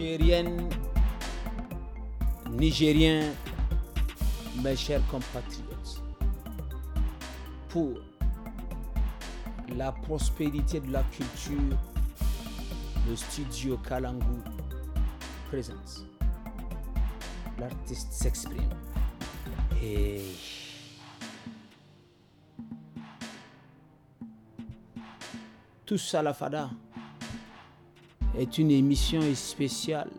Nigérien, nigérien, mes chers compatriotes, pour la prospérité de la culture, le studio Kalangu présente. L'artiste s'exprime. Et tous ça la fada est une émission spéciale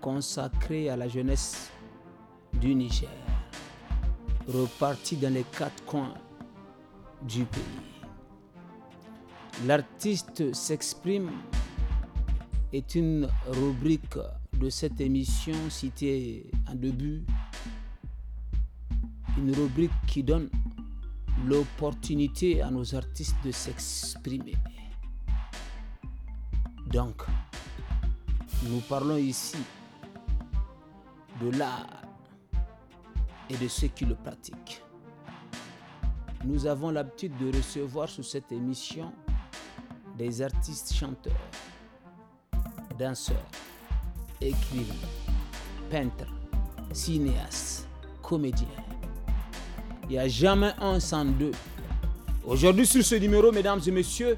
consacrée à la jeunesse du Niger, repartie dans les quatre coins du pays. L'artiste s'exprime est une rubrique de cette émission citée en début, une rubrique qui donne l'opportunité à nos artistes de s'exprimer. Donc, nous parlons ici de l'art et de ceux qui le pratiquent. Nous avons l'habitude de recevoir sur cette émission des artistes chanteurs, danseurs, écrivains, peintres, cinéastes, comédiens. Il n'y a jamais un sans deux. Aujourd'hui sur ce numéro, mesdames et messieurs,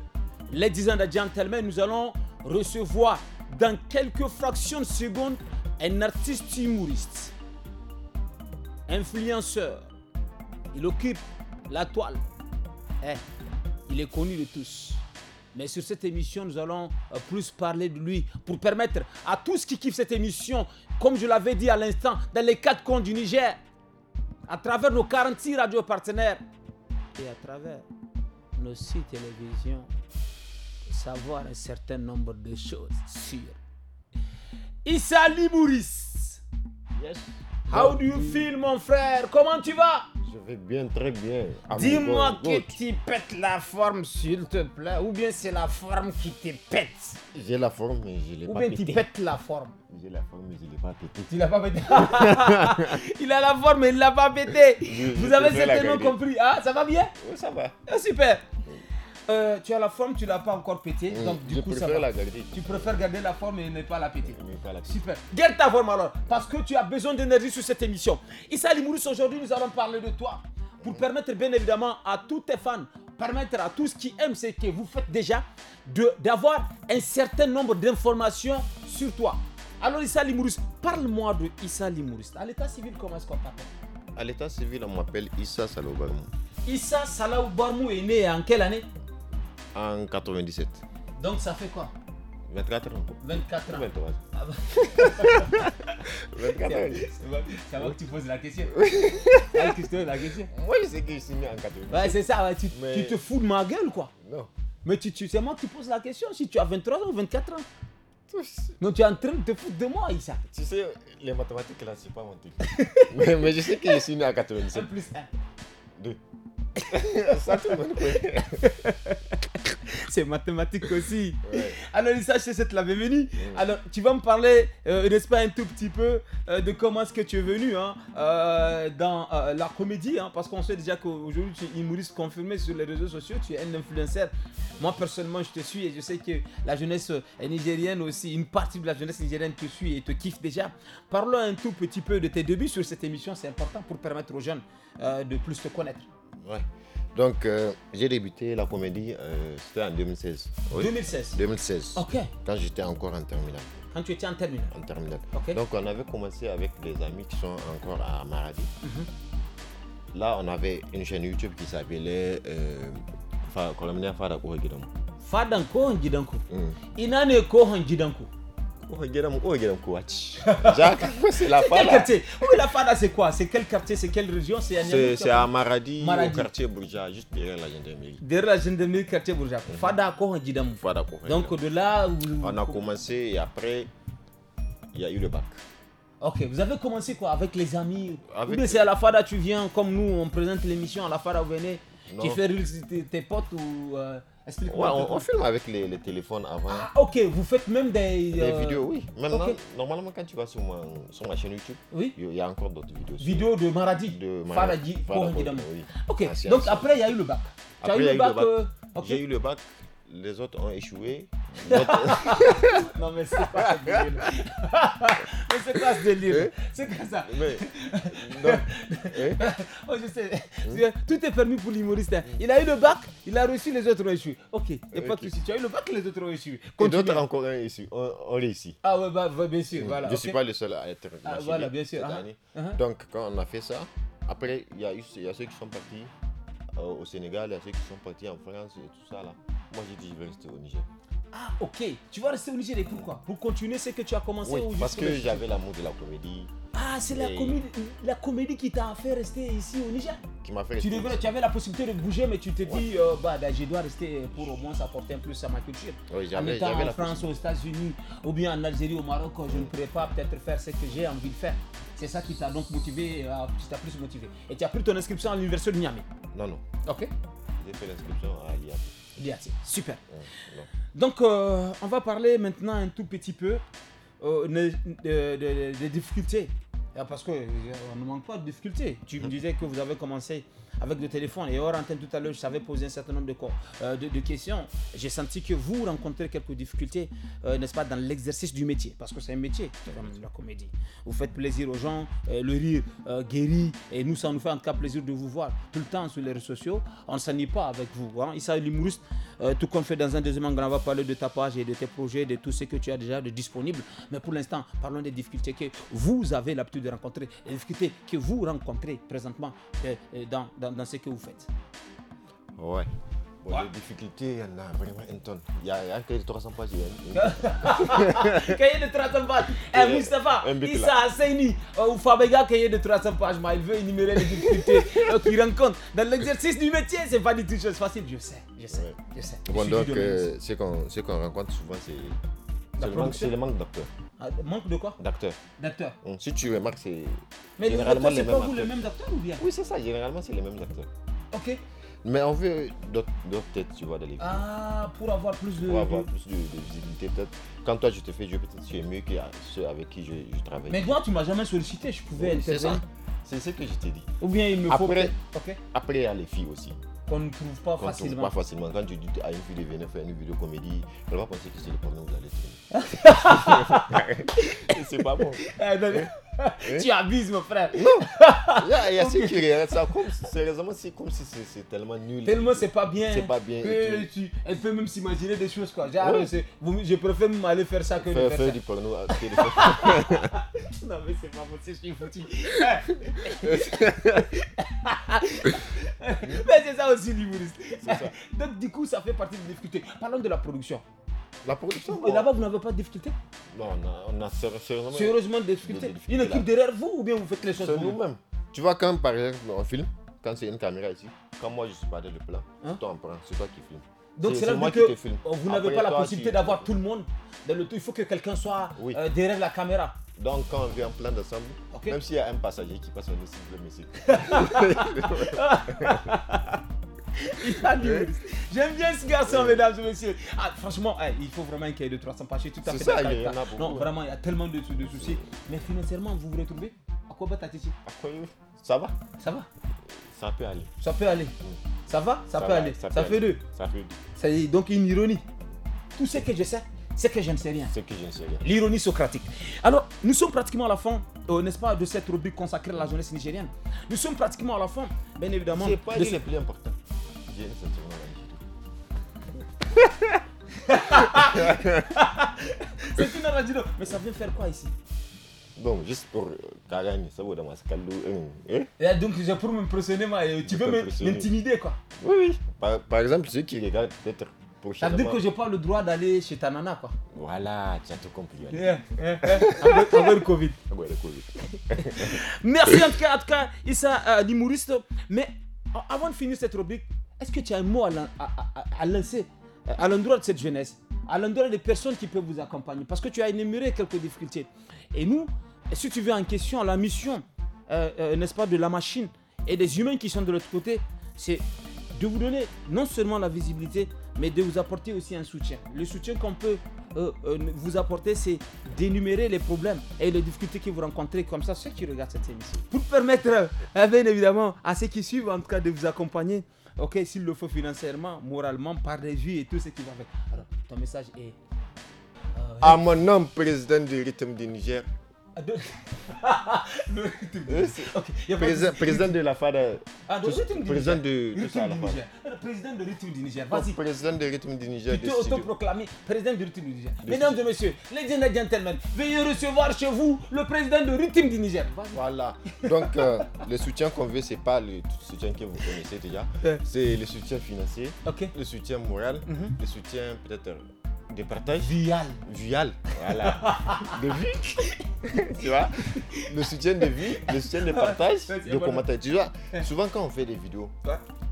les ans de gentlemen, nous allons recevoir dans quelques fractions de secondes un artiste humoriste, influenceur. Il occupe la toile. Eh, il est connu de tous. Mais sur cette émission, nous allons euh, plus parler de lui pour permettre à tous qui kiffent cette émission, comme je l'avais dit à l'instant, dans les quatre coins du Niger, à travers nos 46 radios partenaires et à travers nos sites télévisions savoir un certain nombre de choses sur Issa Libouris. Yes. How do you feel, mon frère? Comment tu vas? Je vais bien, très bien. Dis-moi que tu pètes la forme, s'il te plaît, ou bien c'est la forme qui te pète. J'ai la forme, mais je l'ai pas pété. Ou bien tu pètes la forme. J'ai la forme, mais je l'ai pas pété. Tu l'as pas pété. il a la forme, mais il l'a pas pété. Vous avez certainement compris. Ah, ça va bien? Oui, ça va. Ah, super. Euh, tu as la forme, tu l'as pas encore pété. Mm. Donc du coup, ça Tu préfères garder la forme et ne pas la péter. Super. Garde ta forme alors, parce que tu as besoin d'énergie sur cette émission. Issa Limouris, aujourd'hui, nous allons parler de toi pour permettre bien évidemment à tous tes fans, permettre à tous qui aiment ce que vous faites déjà, d'avoir un certain nombre d'informations sur toi. Alors Issa Limouris, parle-moi de Issa Limouris. À l'état civil, comment est-ce qu'on t'appelle À l'état civil, on m'appelle Issa Barmou Issa Barmou est né en quelle année en 97. Donc ça fait quoi 24 ans. 24 ans. 23 ans. 24 ah bah. ans. Ça moi que tu poses la question. ah, la question. Moi, je sais que je suis né en 97. Ouais, c'est ça, tu, te fous de ma gueule, quoi. Non. Mais tu, tu, c'est moi qui pose la question si tu as 23 ans ou 24 ans. Non, tu es en train de te foutre de moi, Issa. Tu sais, les mathématiques là, c'est pas mon truc. mais, je sais que je suis né en 97. 1 plus 1. 2. Ça, tout le monde c'est mathématique aussi. Alors, Lisa, je c'est la bienvenue. Alors, tu vas me parler, euh, n'est-ce pas, un tout petit peu euh, de comment est-ce que tu es venu hein, euh, dans la comédie, hein, parce qu'on sait déjà qu'aujourd'hui, tu es humoriste confirmé sur les réseaux sociaux, tu es un influenceur. Moi, personnellement, je te suis et je sais que la jeunesse nigérienne aussi, une partie de la jeunesse nigérienne te suit et te kiffe déjà. Parlons un tout petit peu de tes débuts sur cette émission, c'est important pour permettre aux jeunes de plus te connaître. Ouais. Donc, j'ai débuté la comédie, c'était en 2016. 2016 2016. Ok. Quand j'étais encore en terminale. Quand tu étais en terminale En terminale. Donc, on avait commencé avec des amis qui sont encore à Maradi. Là, on avait une chaîne YouTube qui s'appelait euh, Colomnia Fada Gidanko. Fada Gidanko. Inane Kohan Gidanko. Jacques, c'est la Fada. Quartier oui, oh, la Fada, c'est quoi C'est quel quartier C'est quelle région C'est à Maradi, Maradi, au quartier Bourja, juste derrière la gendarmerie. Derrière la gendarmerie, quartier Bourja. Mhm. Fada, quoi, Didam Fada, quoi. Donc de là. Vous... On a commencé et après, il y a eu le bac. Ok, vous avez commencé quoi Avec les amis avec... c'est à la Fada, tu viens, comme nous, on présente l'émission à la Fada, vous venez, non. tu fais rire tes potes ou. Euh, explique on, filme avec les, téléphones avant. Ah, ok, vous faites même des. Des euh, vidéos, oui. Maintenant, normalement, quand tu vas sur ma, sur ma chaîne YouTube, oui? il y a encore d'autres vidéos. Vidéo de Maradi. De Maradi, Ok, ah, donc après, il y a eu le bac. eu, le bac. Euh, J'ai eu le bac les autres ont échoué. non, mais c'est pas c'est quoi ce délire eh? C'est quoi ça Mais, non. Eh? Oh, je hmm? sais. Tout est permis pour l'humoriste. Hein. Il a eu le bac, il a réussi les autres ont échoué. Ok, et pas de si Tu as eu le bac, les autres ont échoué. Et d'autres encore un échoué. On, est ici. Ah ouais, bah, bien sûr. Hmm. je ne suis pas le seul à être ah, voilà, bien sûr. Ah, ah, ah. Donc, quand on a fait ça, après, il y, a ceux qui sont partis euh, au Sénégal, il y a ceux qui sont partis en France et tout ça. là. Moi, j'ai dit, je vais rester au Niger. Ah, ok. Tu vas rester au Niger et pourquoi Pour continuer ce que tu as commencé oui, Parce que j'avais l'amour de la comédie. Ah, c'est la, comédie, la comédie qui t'a fait rester ici au Niger Qui m'a fait tu, tu avais la possibilité de bouger, mais tu te dis, dit, euh, bah, bah, je dois rester euh, pour au moins apporter un plus à ma culture. Oui, en étant en France, aux États-Unis, ou bien en Algérie, au Maroc, je ne pourrais pas peut-être faire ce que j'ai envie de faire. C'est ça qui t'a donc motivé, euh, qui t'a plus motivé. Et tu as pris ton inscription à l'université de Niamey Non, non. Ok. J'ai fait l'inscription à super. Donc, euh, on va parler maintenant un tout petit peu euh, des difficultés. Ah, parce qu'on euh, ne manque pas de difficultés. Tu me disais que vous avez commencé avec le téléphone. Et hors antenne tout à l'heure, je savais poser un certain nombre de, euh, de, questions. J'ai senti que vous rencontrez quelques difficultés, euh, n'est-ce pas, dans l'exercice du métier. Parce que c'est un métier, la comédie. Vous faites plaisir aux gens, euh, le rire guérit. Et nous, ça nous fait en tout cas plaisir de vous voir tout le temps sur les réseaux sociaux. On ne s'ennuie pas avec vous. Hein. Issa l'humoriste, tout comme fait dans un deuxième angle, on va parler de ta page et de tes projets, de tout ce que tu as déjà de disponible. Mais pour l'instant, parlons des difficultés que vous avez l'habitude de rencontrer, les difficultés que vous rencontrez présentement dans, dans dans, ce que vous faites Ouais. Bon, Les difficultés, il y en a vraiment une tonne. Il y a, un cahier de 300 pages. cahier de 300 pages. Eh, il Issa assaini. Euh, ou Fabega, cahier de 300 pages. Mais il veut énumérer les difficultés euh, qu'il rencontre dans l'exercice du métier. C'est pas du tout chose facile. Je sais, je sais, je sais. donc, euh, ce qu'on rencontre souvent, c'est le, manque de ah, manque de quoi D'acteurs. D'acteurs. Mm, si tu remarques, c'est. Mais généralement les, mêmes. Pas vous les mêmes acteurs ou bien Oui, c'est ça, généralement c'est les mêmes acteurs. Ok. Mais on veut d'autres têtes, tu vois, dans les Ah, pour avoir plus de. Pour avoir plus de, visibilité, peut-être. Quand toi, je te fais, je peut-être tu es mieux que ceux avec qui je, je travaille. Mais toi, tu m'as jamais sollicité, je pouvais. Oui, c'est ça. C'est ce que je t'ai dit. Ou bien il me faut. Après, après, il y a les filles aussi qu'on ne trouve pas facilement. Quand tu dis à une fille de venir faire une vidéo comédie, elle va penser que c'est le problème où vous allez faire c'est pas bon. Eh, tu abuses, mon frère. Il y a, ceux qui regardent ça comme si, sérieusement, c'est comme si c'est tellement nul. Tellement c'est pas bien. C'est pas bien. elle peut même s'imaginer des choses, quoi. je préfère m'aller faire ça que faire, faire, du porno. non, mais c'est pas possible, mais c'est ça aussi, l'humouriste. Donc, du coup, ça fait partie de difficulté. Parlons de la production. La production Et là-bas, vous n'avez pas de difficultés Non, on a, sérieusement, sérieusement des, difficultés. y a Une équipe derrière vous ou bien vous faites les choses C'est nous-mêmes. Tu vois, quand par exemple on filme, quand c'est une caméra ici, quand moi je suis pas derrière le plan, hein? toi on prend, c'est toi qui filmes. Donc c'est là que vous n'avez pas la possibilité d'avoir tout le monde dans le tout. Il faut que quelqu'un soit ah euh, derrière la caméra. Donc quand on vient en plein d'ensemble, même s'il y a un passager qui passe, en dessous de le J'aime bien ce garçon, mesdames et messieurs. Ah, franchement, il faut vraiment qu'il y ait de 300 pages. tout à fait ça, il y en a Non, vraiment, il y a tellement de, soucis. Mais financièrement, vous vous retrouvez à quoi bat quoi Ça va Ça va Ça peut aller. Ça peut aller. Ça va Ça, peut aller. Ça, fait aller. deux. Ça fait deux. Ça donc une ironie. Tout ce que je sais, c'est que je ne sais rien. C'est que je ne sais rien. L'ironie socratique. Alors, nous sommes pratiquement à la fin, euh, n'est-ce pas, de cette rubrique consacrée à la jeunesse nigérienne. Nous sommes pratiquement à la fin, bien évidemment. C'est pas de... plus important ça C'est une radio. Mais ça vient faire quoi ici Bon, juste pour euh, Kagani, ça vaut dans hein, ma hein? Et donc, j'ai pour m'impressionner, tu veux m'intimider quoi. Oui, oui. Par, exemple, ceux qui regardent peut-être ça veut dire que je pas le droit d'aller chez ta nana, quoi. Voilà, tu as tout compris. Yeah, yeah, le Covid. le COVID. Merci en tout cas, Issa euh, Mais avant de finir cette rubrique, est-ce que tu as un mot à, lancer euh, à l'endroit de cette jeunesse, à l'endroit des personnes qui peuvent vous accompagner Parce que tu as énuméré quelques difficultés. Et nous, si tu veux en question la mission, euh, euh, n'est-ce pas, de la machine et des humains qui sont de l'autre côté, c'est de vous donner non seulement la visibilité, mais de vous apporter aussi un soutien. Le soutien qu'on peut vous apporter, c'est d'énumérer les problèmes et les difficultés que vous rencontrez, comme ça, ceux qui regardent cette émission. Pour permettre, bien évidemment, à ceux qui suivent, en tout cas, de vous accompagner ok, s'il le faut financièrement, moralement, par des et tout ce qui va avec. Alors, ton message est. Euh, à mon nom, président du rythme du Niger, ah, euh, président de la FADA. Ah, de du Président de euh, Président de rythme du Niger. Oh, Vas-y. Président de rythme du Niger. autoproclamé président de rythme du Niger. Mesdames et messieurs, ladies and gentlemen, veuillez recevoir chez vous le président de rythme du Niger. Voilà. Donc, euh, le soutien qu'on veut, c'est pas le soutien que vous connaissez déjà. C'est le soutien financier, le soutien moral, mhm. le soutien peut-être de partage. Vial. Vial, voilà. de vie, tu vois. Le soutien de vie, le soutien de partage, de commentaire. Tu vois, souvent quand on fait des vidéos,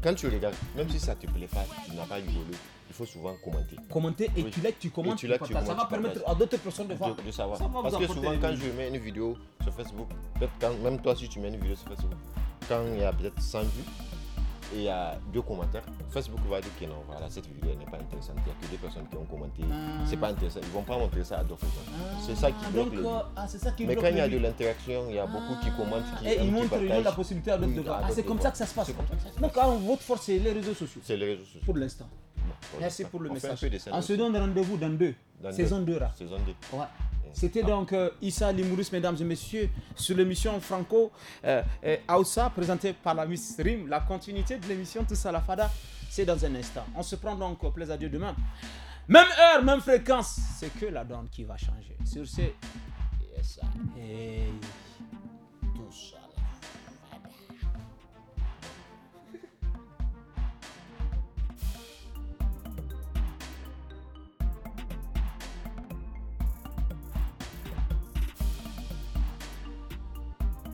quand tu regardes, même si ça te plaît pas, tu n'as pas rigolé, il faut souvent commenter. Commenter et tu l'as tu commentes, tu, Ça va permettre à d'autres personnes de voir. savoir. Parce que souvent quand je mets une vidéo sur Facebook, peut-être quand même toi si tu mets une vidéo sur Facebook, quand il y a peut-être 100 vues, il y a deux commentaires. Facebook va dire que non, voilà, cette vidéo n'est pas intéressante. Il n'y a que deux personnes qui ont commenté. Ah. C'est pas intéressant. Ils vont pas montrer ça à d'autres personnes. Ah. C'est ça qui ah, bloque les... Euh, ah, Mais quand il y a de l'interaction, il y a beaucoup qui commentent, qui, et ils montrent la possibilité à d'autres de voir. c'est comme ça que ça se passe. Donc, votre force, c'est les réseaux sociaux. C'est les réseaux sociaux. Pour l'instant. Merci pour le message. On se donne rendez-vous dans deux. Saison 2 là. Saison 2. Ouais. C'était donc euh, Issa Limouris, mesdames et messieurs, sur l'émission Franco euh, Aoussa, présentée par la Miss Rim. La continuité de l'émission Tous à la Fada, c'est dans un instant. On se prend donc au plaisir de demain. Même heure, même fréquence, c'est que la donne qui va changer. Sur ce,